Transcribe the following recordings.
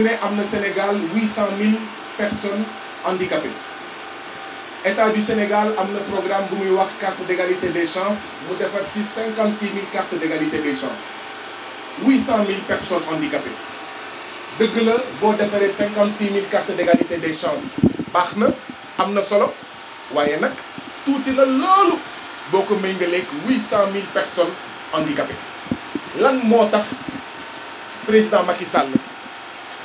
Brunei, il a Sénégal 800 000 personnes handicapées. L'État du Sénégal a un programme de carte d'égalité des chances. avez fait 56 000 cartes d'égalité des chances. 800 000 personnes handicapées. De Gle, vous avez 56 000 cartes d'égalité des chances. Par amna solo, avez tout le monde. Vous avez 800 000 personnes handicapées. L'an le président Macky Sall,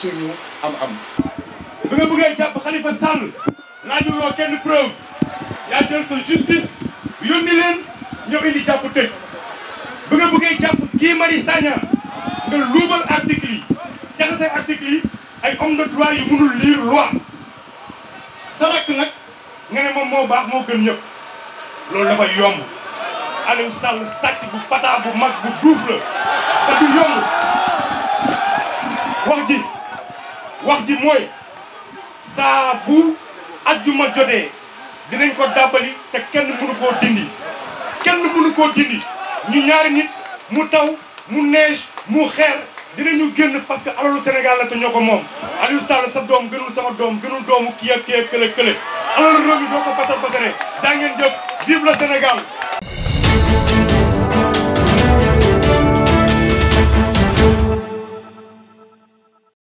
suñu am-am. bi nga bëggee jàpp Khalifa Sall laajuloo kenn preuve yaa jël sa justice yónni leen ñëw indi jàpp tëj bi nga bëggee jàpp Guy Marius Sagna nga luubal article yi jaxase article yi ay homme de droit yi mënul lire loi sa rakk nag nga ne moom moo baax moo gën ñëpp loolu dafa yomb Aliou Sall sàcc bu pataa bu mag bu duuf la te du yomb. wax ji mooy saa bu ajjuma jotee dinañ ko dàbbali te kenn mënu koo dindi kenn mënu koo dindi ñu ñaari nit mu taw mu neige mu xeer dinañu génn parce que alalu Sénégal la te ñoo ko moom Aliou Sall sa doom gënul sama doom gënul doomu kii a kii ak kële kële alalu réew mi doo ko basar basaree daa ngeen jëf vive le Sénégal